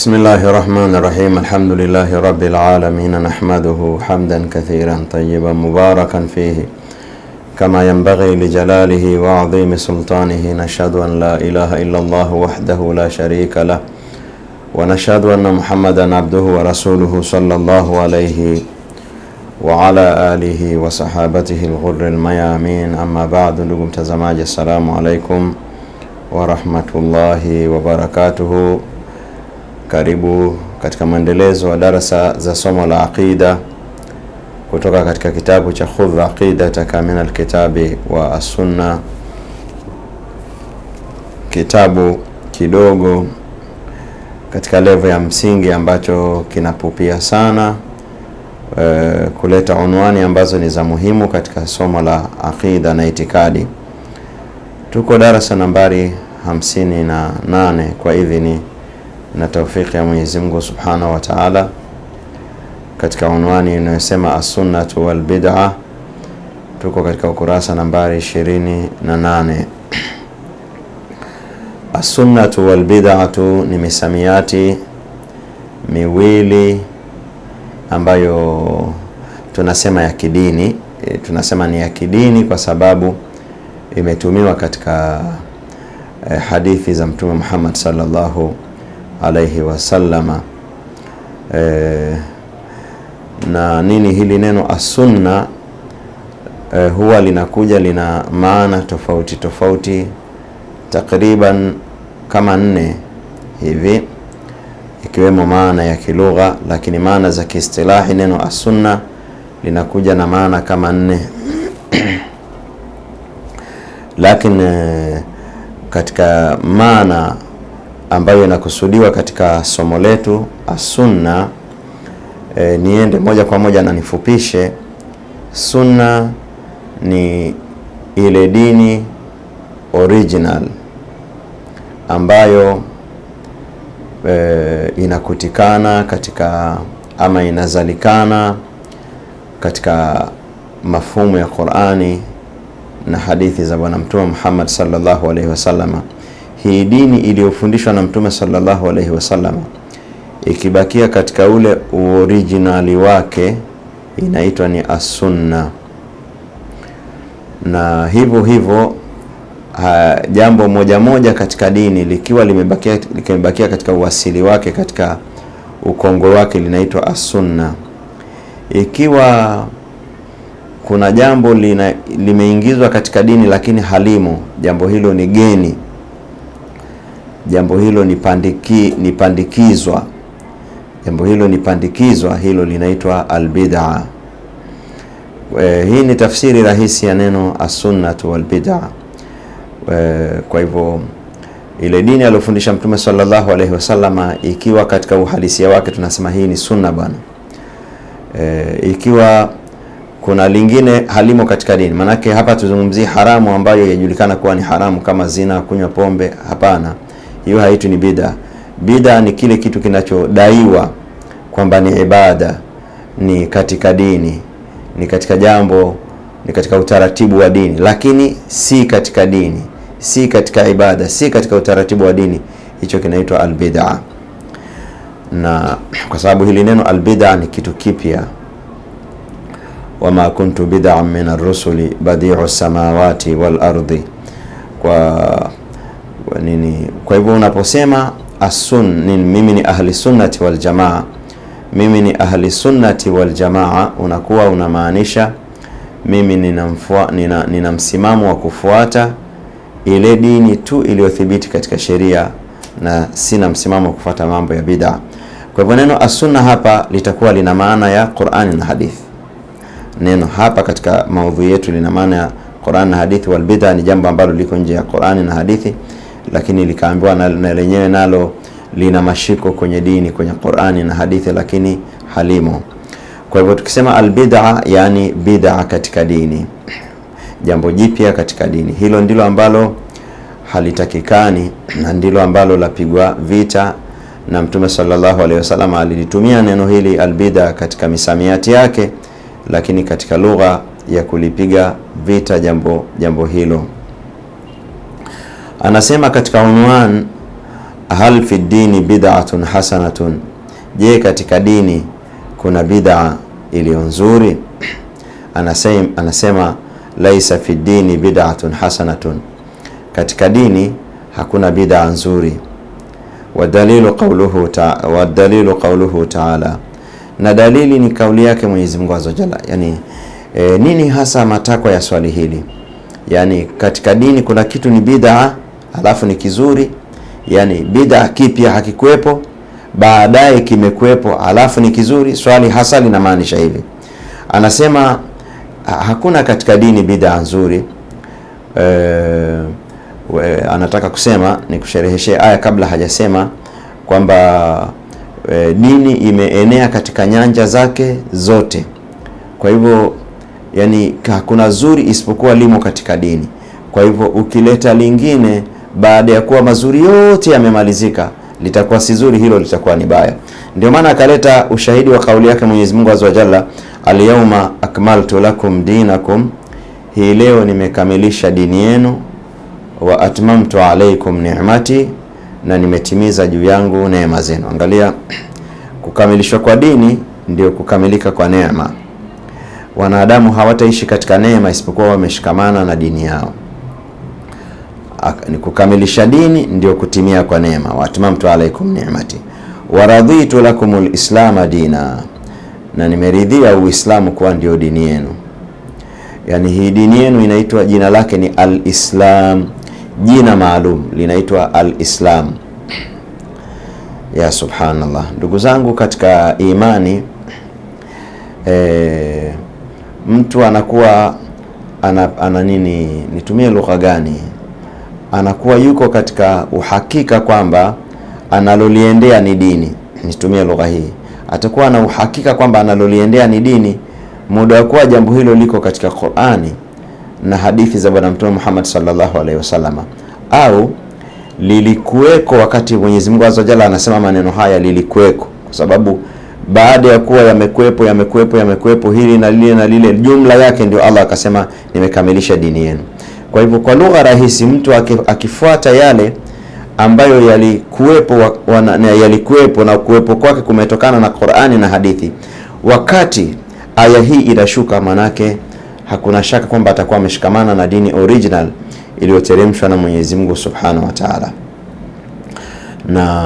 بسم الله الرحمن الرحيم الحمد لله رب العالمين نحمده حمدا كثيرا طيبا مباركا فيه كما ينبغي لجلاله وعظيم سلطانه نشهد أن لا إله إلا الله وحده لا شريك له ونشهد أن محمدا عبده ورسوله صلى الله عليه وعلى آله وصحابته الغر الميامين أما بعد لكم تزماج السلام عليكم ورحمة الله وبركاته Karibu katika mwendelezo wa darasa za somo la aqida kutoka katika kitabu cha Khudh aqida min alkitabi wa Assunna, kitabu kidogo katika levo ya msingi ambacho kinapupia sana e, kuleta unwani ambazo ni za muhimu katika somo la aqida na itikadi. Tuko darasa nambari 58 kwa idhini na taufiki ya Mwenyezi Mungu Subhanahu wa Ta'ala, katika unwani inayosema as sunnah wal bid'ah. Tuko katika ukurasa nambari 28. as sunnah wal bid'ah ni misamiati miwili ambayo tunasema ya kidini. E, tunasema ni ya kidini kwa sababu imetumiwa katika e, hadithi za Mtume Muhammad sallallahu alaihi wasallama. E, na nini hili neno asunna e, huwa linakuja lina maana tofauti tofauti takriban kama nne hivi ikiwemo maana ya kilugha, lakini maana za kiistilahi neno asunna linakuja na maana kama nne lakini e, katika maana ambayo inakusudiwa katika somo letu asunna. E, niende moja kwa moja na nifupishe. Sunna ni ile dini original ambayo e, inakutikana katika ama inazalikana katika mafumo ya Qur'ani na hadithi za Bwana Mtume Muhammad sallallahu alaihi wasallama hii dini iliyofundishwa na Mtume sallallahu alaihi wasallam ikibakia katika ule uorijinali wake inaitwa ni asunna, na hivyo hivyo jambo moja moja katika dini likiwa limebakia, limebakia katika uasili wake katika ukongo wake linaitwa asunna. Ikiwa kuna jambo lina, limeingizwa katika dini lakini halimo, jambo hilo ni geni jambo hilo ni pandiki, ni pandikizwa jambo hilo ni pandikizwa, hilo linaitwa albida E, hii ni tafsiri rahisi ya neno assunnatu walbidaa. E, kwa hivyo ile dini aliyofundisha Mtume sallallahu alaihi wasallam ikiwa katika uhalisia wake tunasema hii ni sunna bwana. E, ikiwa kuna lingine halimo katika dini, maanake hapa tuzungumzie haramu ambayo yajulikana kuwa ni haramu kama zina, kunywa pombe, hapana hiyo haitu ni bida. Bida ni kile kitu kinachodaiwa kwamba ni ibada, ni katika dini, ni katika jambo, ni katika utaratibu wa dini, lakini si katika dini, si katika ibada, si katika utaratibu wa dini. Hicho kinaitwa albida, na kwa sababu hili neno albida ni kitu kipya wama kuntu bid'an min ar-rusuli badi'u samawati wal ardi, kwa nini kwa hivyo unaposema asunni, mimi ni ahli sunnati wal jamaa, mimi ni ahli sunnati wal jamaa, unakuwa unamaanisha mimi nina, nina msimamo wa kufuata ile dini tu iliyothibiti katika sheria na sina msimamo wa kufuata mambo ya bid'a. Kwa hivyo neno asunna hapa litakuwa lina maana ya Qur'ani na hadithi. Neno hapa katika maudhui yetu lina maana ya Qur'an na hadithi. Wal bid'a ni jambo ambalo liko nje ya Qur'ani na hadithi lakini likaambiwa na, na lenyewe nalo lina mashiko kwenye dini kwenye Qur'ani na hadithi, lakini halimo. Kwa hivyo tukisema albid'a, yani bid'a katika dini, jambo jipya katika dini, hilo ndilo ambalo halitakikani na ndilo ambalo lapigwa vita na Mtume sallallahu alaihi wasallam alilitumia neno hili albida katika misamiati yake, lakini katika lugha ya kulipiga vita jambo jambo hilo. Anasema katika unwan, hal fi dini bid'atun hasanatun, je, katika dini kuna bidaa iliyo nzuri? Anasema, anasema laisa fi dini bid'atun hasanatun, katika dini hakuna bidaa nzuri. Wadalilu qawluhu ta, wadalilu qawluhu taala, na dalili ni kauli yake Mwenyezi Mungu azza jalla. Yani e, nini hasa matakwa ya swali hili? Yani katika dini kuna kitu ni bid'a alafu ni kizuri, yani bid'a kipya hakikuwepo, baadaye kimekuwepo, alafu ni kizuri. Swali hasa linamaanisha hivi, anasema hakuna katika dini bid'a nzuri. E, anataka kusema ni kushereheshe aya kabla hajasema kwamba e, dini imeenea katika nyanja zake zote. Kwa hivyo yani hakuna zuri isipokuwa limo katika dini. Kwa hivyo ukileta lingine baada ya kuwa mazuri yote yamemalizika, litakuwa si zuri hilo, litakuwa ni baya. Ndio maana akaleta ushahidi wa kauli yake Mwenyezi Mungu azza wa jalla, alyawma akmaltu lakum dinakum, hii leo nimekamilisha dini yenu, wa atmamtu alaykum ni'mati, na nimetimiza juu yangu neema zenu. Angalia, kukamilishwa kwa dini ndio kukamilika kwa neema. Wanadamu hawataishi katika neema isipokuwa wameshikamana na dini yao ni kukamilisha dini ndio kutimia kwa neema. watmamtu alaikum ni'mati waraditu lakum lislama dina, na nimeridhia Uislamu kuwa ndio dini yenu. Yani hii dini yenu inaitwa jina lake ni Alislam, jina maalum linaitwa Alislam. Ya subhanallah, ndugu zangu katika imani e, mtu anakuwa ana, ana nini, nitumie lugha gani? anakuwa yuko katika uhakika kwamba analoliendea ni dini, nitumie lugha hii, atakuwa na uhakika kwamba analoliendea ni dini muda wa kuwa jambo hilo liko katika Qur'ani na hadithi za Bwana Mtume Muhammad sallallahu alaihi wasallama, au lilikuweko wakati Mwenyezi Mungu azza jalla anasema maneno haya, lilikuweko kwa sababu baada ya kuwa yamekuepo yamekuepo yamekuepo hili na lile na lile, jumla yake ndio Allah akasema nimekamilisha dini yenu. Kwa hivyo kwa lugha rahisi, mtu akifuata yale ambayo yalikuwepo na yalikuwepo na kuwepo kwake kumetokana na Qur'ani na hadithi, wakati aya hii inashuka, manake hakuna shaka kwamba atakuwa ameshikamana na dini original iliyoteremshwa na Mwenyezi Mungu Subhanahu wa Ta'ala. Na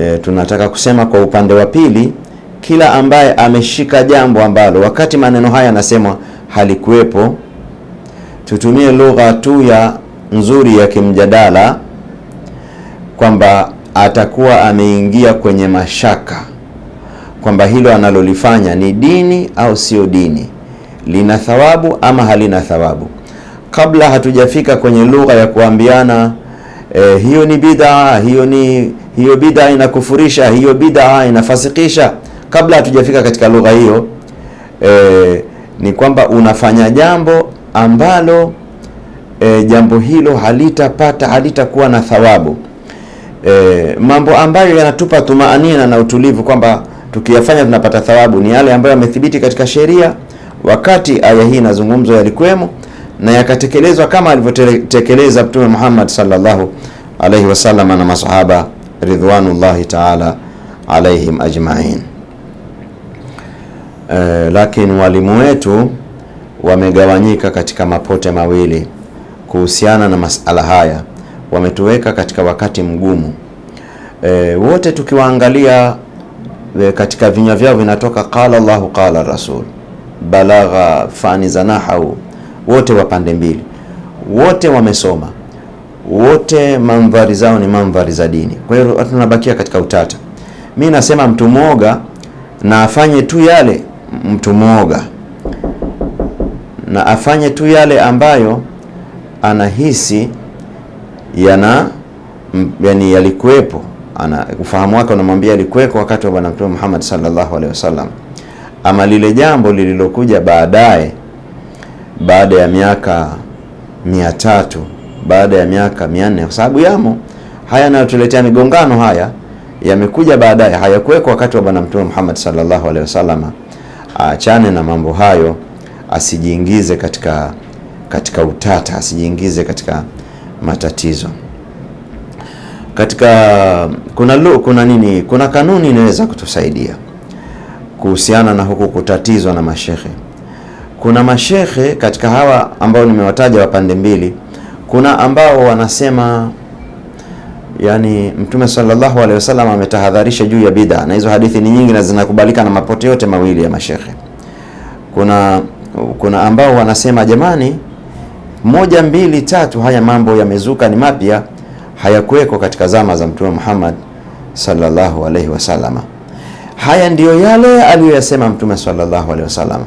e, tunataka kusema kwa upande wa pili, kila ambaye ameshika jambo ambalo wakati maneno haya yanasemwa halikuwepo tutumie lugha tu ya nzuri ya kimjadala, kwamba atakuwa ameingia kwenye mashaka kwamba hilo analolifanya ni dini au sio dini, lina thawabu ama halina thawabu, kabla hatujafika kwenye lugha ya kuambiana eh, hiyo ni bidhaa hiyo ni hiyo bid'a inakufurisha, hiyo bidhaa inafasikisha. Kabla hatujafika katika lugha hiyo eh, ni kwamba unafanya jambo ambalo e, jambo hilo halitapata halitakuwa na thawabu. E, mambo ambayo yanatupa tumaanina na utulivu kwamba tukiyafanya tunapata thawabu ni yale ambayo yamethibiti katika sheria wakati aya hii inazungumzwa yalikwemo na yakatekelezwa kama alivyotekeleza Mtume Muhammad sallallahu alaihi wasallam na masahaba ridwanullahi taala alaihim ajmain. E, lakini walimu wetu wamegawanyika katika mapote mawili kuhusiana na masala haya, wametuweka katika wakati mgumu e, wote tukiwaangalia e, katika vinywa vyao vinatoka qala Allahu qala rasul, balagha, fani za nahau, wote wa pande mbili, wote wamesoma, wote mandhari zao ni mandhari za dini. Kwa hiyo tunabakia katika utata. Mi nasema mtu mwoga na afanye tu yale mtu mwoga na afanye tu yale ambayo anahisi yana yani yalikuwepo, ana ufahamu wake unamwambia alikuweko wakati wa Bwana Mtume Muhammad sallallahu alaihi wasallam. Ama lile jambo lililokuja baadaye, baada ya miaka mia tatu baada ya miaka mia nne kwa sababu yamo haya yanayotuletea migongano haya yamekuja baadaye, hayakuweko wakati wa Bwana Mtume Muhammad sallallahu alaihi wasallam. Achane na mambo hayo asijiingize katika, katika utata, asijiingize katika matatizo katika kuna, kuna nini, kuna kanuni inaweza kutusaidia kuhusiana na huku kutatizwa na mashehe. Kuna mashehe katika hawa ambao nimewataja wa pande mbili, kuna ambao wanasema yani Mtume sallallahu alaihi wasallam ametahadharisha juu ya bid'a, na hizo hadithi ni nyingi na zinakubalika na mapote yote mawili ya mashehe. Kuna kuna ambao wanasema jamani, moja mbili tatu, haya mambo yamezuka ni mapya, hayakuweko katika zama za Mtume Muhammad sallallahu alaihi wasallam. Haya ndiyo yale aliyoyasema Mtume sallallahu alaihi wasallam,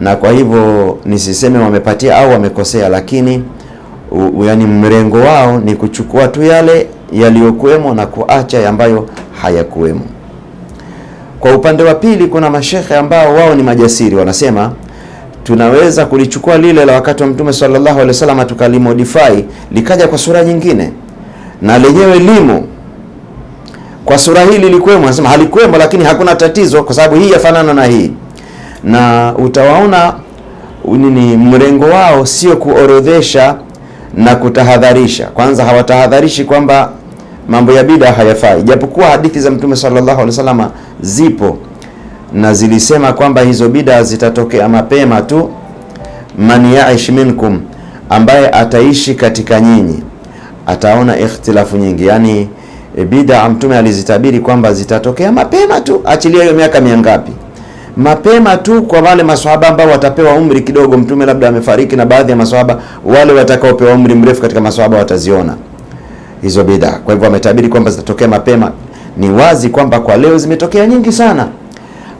na kwa hivyo nisiseme wamepatia au wamekosea, lakini u, yani mrengo wao ni kuchukua tu yale yaliyokuwemo na kuacha ambayo hayakuwemo. Kwa upande wa pili, kuna mashekhe ambao wao ni majasiri, wanasema tunaweza kulichukua lile la wakati wa Mtume sallallahu alaihi wasallam tukalimodify likaja kwa sura nyingine, na lenyewe limo kwa sura hii lilikwemo, anasema halikwemo, lakini hakuna tatizo kwa sababu hii yafanana na hii, na utawaona nini mrengo wao sio kuorodhesha na kutahadharisha. Kwanza hawatahadharishi kwamba mambo ya bida hayafai, japokuwa hadithi za Mtume sallallahu alaihi wasallam zipo na zilisema kwamba hizo bida zitatokea mapema tu. Man yaish minkum, ambaye ataishi katika nyinyi ataona ikhtilafu nyingi. Yani e, bida Mtume alizitabiri kwamba zitatokea mapema tu, achilia hiyo miaka miangapi mapema tu kwa wale maswahaba ambao watapewa umri kidogo. Mtume labda amefariki, na baadhi ya maswahaba wale watakaopewa umri mrefu katika maswahaba wataziona hizo bidaa. Kwa hivyo ametabiri kwamba zitatokea mapema. Ni wazi kwamba kwa leo zimetokea nyingi sana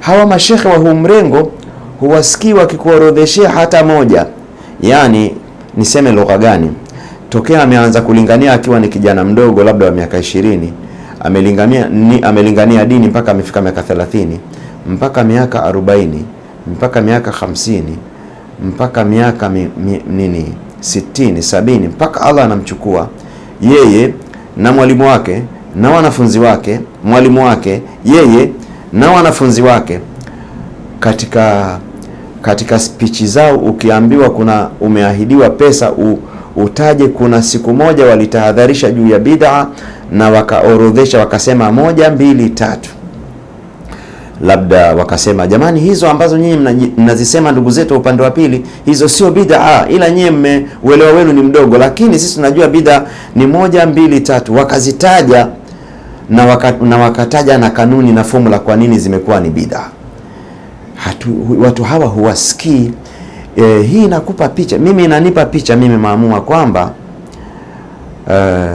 hawa mashekhe wa huu mrengo huwasikii wakikuorodheshea hata moja. Yaani, niseme lugha gani? Tokea ameanza kulingania akiwa ni kijana mdogo, labda wa miaka ishirini, amelingania ni amelingania dini mpaka amefika miaka 30 mpaka miaka 40 mpaka miaka 50 mpaka miaka mi, mi, nini sitini, sabini, mpaka Allah anamchukua yeye na mwalimu wake na wanafunzi wake, mwalimu wake yeye na wanafunzi wake katika katika spichi zao, ukiambiwa kuna umeahidiwa pesa u, utaje kuna siku moja walitahadharisha juu ya bid'a na wakaorodhesha wakasema moja, mbili, tatu. Labda wakasema jamani, hizo ambazo nyinyi mnazisema ndugu zetu upande wa pili, hizo sio bid'a, ila nyinyi mmeuelewa wenu ni mdogo, lakini sisi tunajua bid'a ni moja, mbili, tatu. Wakazitaja na, waka, na wakataja na kanuni na fomula kwa nini zimekuwa ni Hatu, Watu hawa huwasikii. E, hii inakupa picha mimi inanipa picha mimi maamua kwamba e,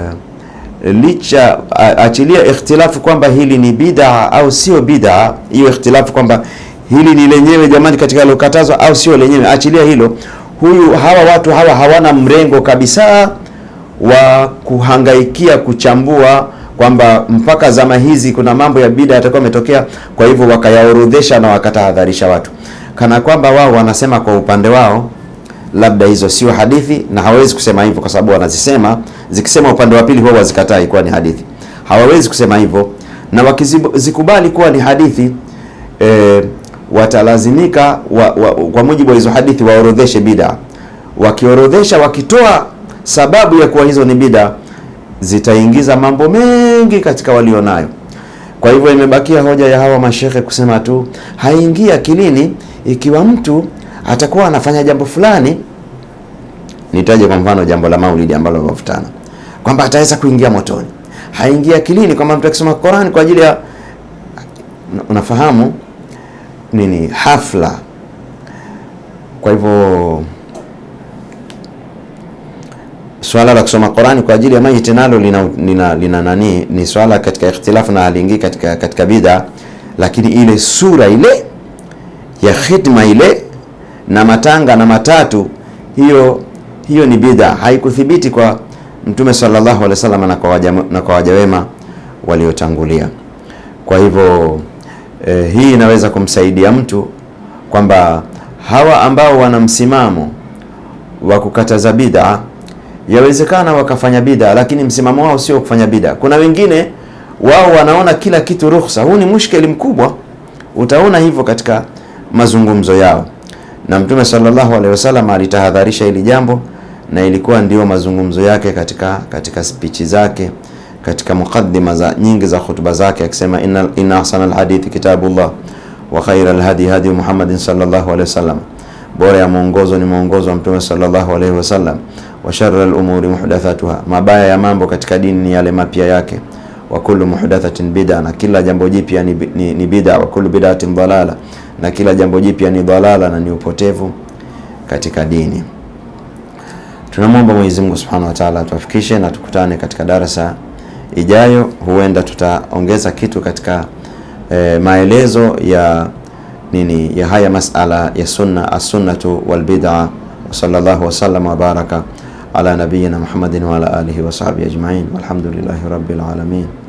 licha achilia ikhtilafu kwamba hili ni bid'a au sio bid'a, hiyo ikhtilafu kwamba hili ni lenyewe jamani, katika lilokatazwa au sio lenyewe, achilia hilo, huyu hawa watu hawa hawana mrengo kabisa wa kuhangaikia kuchambua kwamba mpaka zama hizi kuna mambo ya bida yatakuwa yametokea, kwa hivyo wakayaorodhesha na wakatahadharisha watu, kana kwamba wao wanasema kwa upande wao labda hizo sio hadithi, na hawawezi kusema hivyo kwa sababu wanazisema, zikisema upande wa pili huwa wazikatai kuwa ni hadithi. Hawawezi kusema hivyo, na wakizikubali kuwa ni hadithi e, watalazimika wa, wa, kwa mujibu wa hizo hadithi waorodheshe bida. Wakiorodhesha, wakitoa sababu ya kuwa hizo ni bida zitaingiza mambo mengi katika walionayo. Kwa hivyo imebakia hoja ya hawa mashehe kusema tu haingii akilini ikiwa mtu atakuwa anafanya jambo fulani. Nitaje kwa mfano jambo la maulidi ambalo wafutana kwamba ataweza kuingia motoni. Haingii akilini kwamba mtu akisoma Qur'an kwa ajili ya unafahamu nini hafla. Kwa hivyo swala la kusoma Qur'ani kwa ajili ya maiti nalo lina, lina, lina nani ni swala katika ikhtilafu na aliingi katika, katika bidha, lakini ile sura ile ya khidma ile na matanga na matatu hiyo hiyo ni bidha, haikuthibiti kwa Mtume sallallahu alaihi wasallam na kwa waja wema waliotangulia. Kwa hivyo eh, hii inaweza kumsaidia mtu kwamba hawa ambao wana msimamo wa kukataza bidhaa yawezekana wakafanya bida, lakini msimamo wao sio kufanya bida. Kuna wengine wao wanaona kila kitu ruhusa. Huu ni mushkeli mkubwa, utaona hivyo katika mazungumzo yao, na Mtume sallallahu alaihi wasallam alitahadharisha hili jambo, na ilikuwa ndio mazungumzo yake katika katika spichi zake katika mukaddima za nyingi za hutuba zake akisema, inna inna ahsanal kitabullah wa khairal hadi hadi Muhammadin sallallahu alaihi wasallam, bora ya mwongozo ni mwongozo wa Mtume sallallahu alaihi wasallam wa sharral umuri muhdathatuha, mabaya ya mambo katika dini ni yale mapya yake. Wa kullu muhdathatin bid'a, na kila jambo jipya ni, ni, ni bid'a. Wa kullu bid'atin dalala, na kila jambo jipya ni dalala na ni upotevu katika dini. Tunamwomba Mwenyezi Mungu Subhanahu wa Ta'ala tuwafikishe na tukutane katika darasa ijayo. Huenda tutaongeza kitu katika e, maelezo ya nini ya haya masala ya sunna as-sunnatu wal bid'a. Sallallahu wasallam wa baraka على نبينا محمد وعلى آله وصحبه أجمعين والحمد لله رب العالمين